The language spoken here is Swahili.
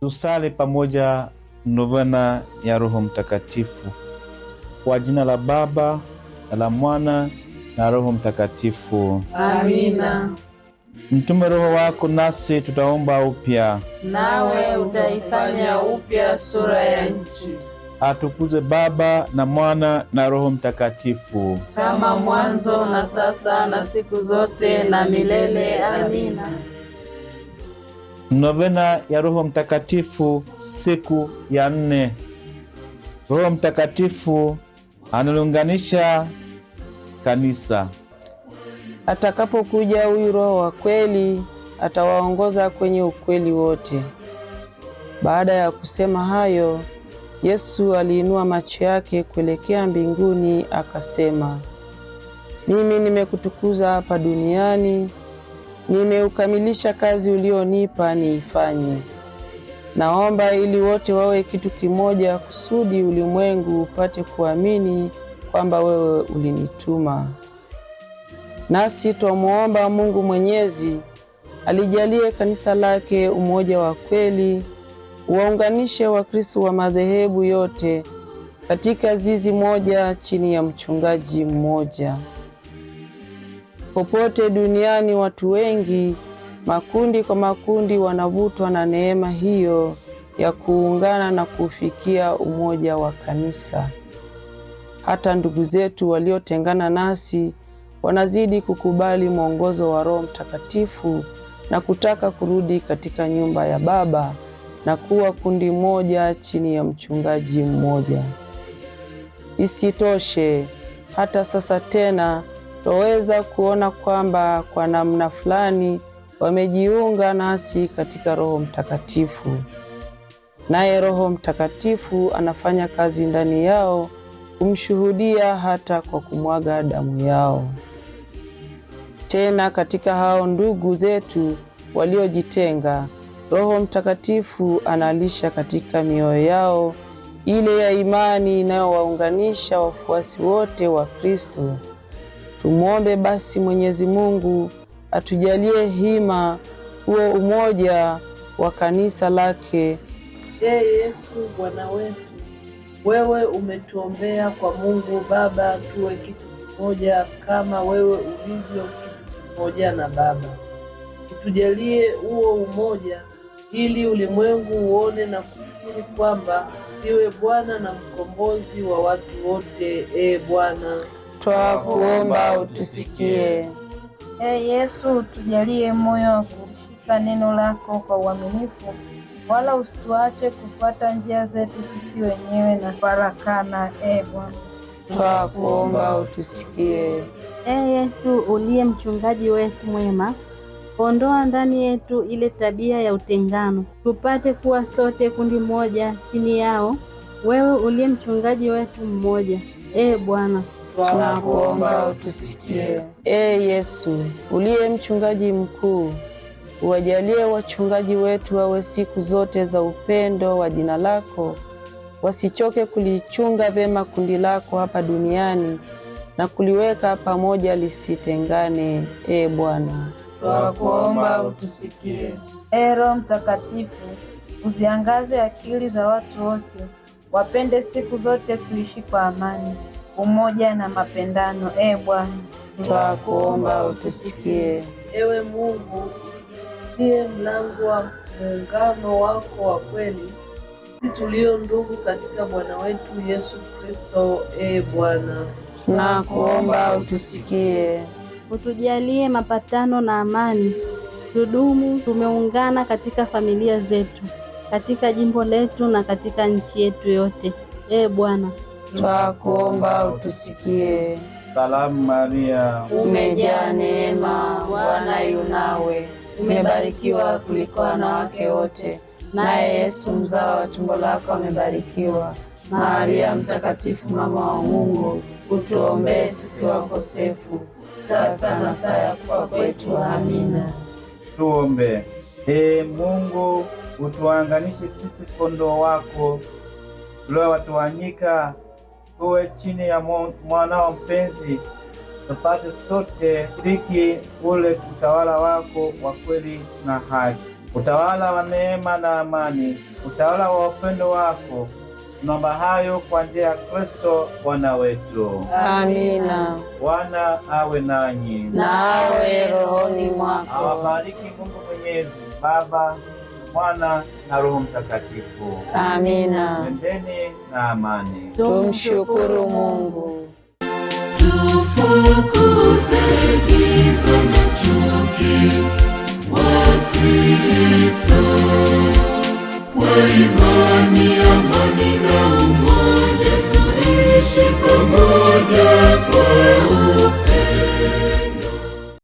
Tusali pamoja novena ya Roho Mtakatifu. Kwa jina la Baba na la Mwana na Roho Mtakatifu, amina. Mtume Roho wako nasi tutaomba upya, nawe utaifanya upya sura ya nchi. Atukuze Baba na Mwana na Roho Mtakatifu, kama mwanzo na sasa na siku zote na milele. Amina. Novena ya Roho Mtakatifu siku ya nne. Roho Mtakatifu analiunganisha kanisa. Atakapokuja huyu Roho wa kweli, atawaongoza kwenye ukweli wote. Baada ya kusema hayo, Yesu aliinua macho yake kuelekea mbinguni, akasema, mimi nimekutukuza hapa duniani nimeukamilisha kazi ulionipa niifanye. Naomba ili wote wawe kitu kimoja, kusudi ulimwengu upate kuamini kwamba wewe ulinituma. Nasi twamwomba Mungu Mwenyezi alijalie kanisa lake umoja wa kweli, uwaunganishe Wakristo wa madhehebu yote katika zizi moja chini ya mchungaji mmoja. Popote duniani watu wengi makundi kwa makundi wanavutwa na neema hiyo ya kuungana na kufikia umoja wa kanisa. Hata ndugu zetu waliotengana nasi wanazidi kukubali mwongozo wa Roho Mtakatifu na kutaka kurudi katika nyumba ya Baba na kuwa kundi moja chini ya mchungaji mmoja. Isitoshe, hata sasa tena twaweza kuona kwamba kwa namna fulani wamejiunga nasi katika Roho Mtakatifu, naye Roho Mtakatifu anafanya kazi ndani yao kumshuhudia hata kwa kumwaga damu yao. Tena katika hao ndugu zetu waliojitenga, Roho Mtakatifu analisha katika mioyo yao ile ya imani inayowaunganisha wafuasi wote wa Kristo Tumwombe basi Mwenyezi Mungu atujalie hima, huo umoja wa kanisa lake. Ee Yesu Bwana wetu, wewe umetuombea kwa Mungu Baba tuwe kitu kimoja kama wewe ulivyo kitu kimoja na Baba. Utujalie huo umoja ili ulimwengu uone na kufikiri kwamba ndiwe Bwana na mkombozi wa watu wote. E Bwana twakuomba ah, utusikie. E Yesu, tujalie moyo wa kushika neno lako kwa uaminifu, wala usituache kufuata njia zetu sisi wenyewe na farakana. e Bwana, twakuomba utusikie. E Yesu, uliye mchungaji wetu mwema, ondoa ndani yetu ile tabia ya utengano, tupate kuwa sote kundi moja chini yao, wewe uliye mchungaji wetu mmoja. Ee Bwana, tunakuomba utusikie. Ee Yesu uliye mchungaji mkuu, uwajalie wachungaji wetu wawe siku zote za upendo wa jina lako, wasichoke kulichunga vema kundi lako hapa duniani na kuliweka pamoja lisitengane. Ee Bwana, tunakuomba utusikie. Ee Roho Mtakatifu, uziangaze akili za watu wote, wapende siku zote kuishi kwa amani umoja na mapendano. E Bwana, twakuomba utusikie. Ewe Mungu ndiye mlango wa muungano wako wa kweli, sisi tulio ndugu katika Bwana wetu Yesu Kristo. E Bwana, tunakuomba utusikie. Utujalie mapatano na amani, tudumu tumeungana katika familia zetu, katika jimbo letu na katika nchi yetu yote. E Bwana, twakuomba utusikie. Salamu Maria, umejaa neema, Bwana yu nawe, umebarikiwa kuliko wanawake wote, naye Yesu mzao wa tumbo lako amebarikiwa. Maria Mtakatifu, mama wa Mungu, utuombee sisi wakosefu, sasa na saa ya kufa kwetu. Amina. Tuombe. Ee Mungu, utuanganishe sisi kondoo wako uliowatawanyika uwe chini ya mwanao mpenzi, tupate sote riki ule utawala wako wa kweli na haki, utawala wa neema na amani, utawala wa upendo wako. Tunaomba hayo kwa njia ya Kristo Bwana wetu. Amina. Bwana awe nanyi na awe rohoni mwako. Awabariki Mungu Mwenyezi, Baba Mwana na Roho Mtakatifu. Amina. Endeni na amani. Tumshukuru Mungu. Tufukuze giza na chuki, Wakristo kwa imani, amani na umoja, tuishi pamoja kwa upendo.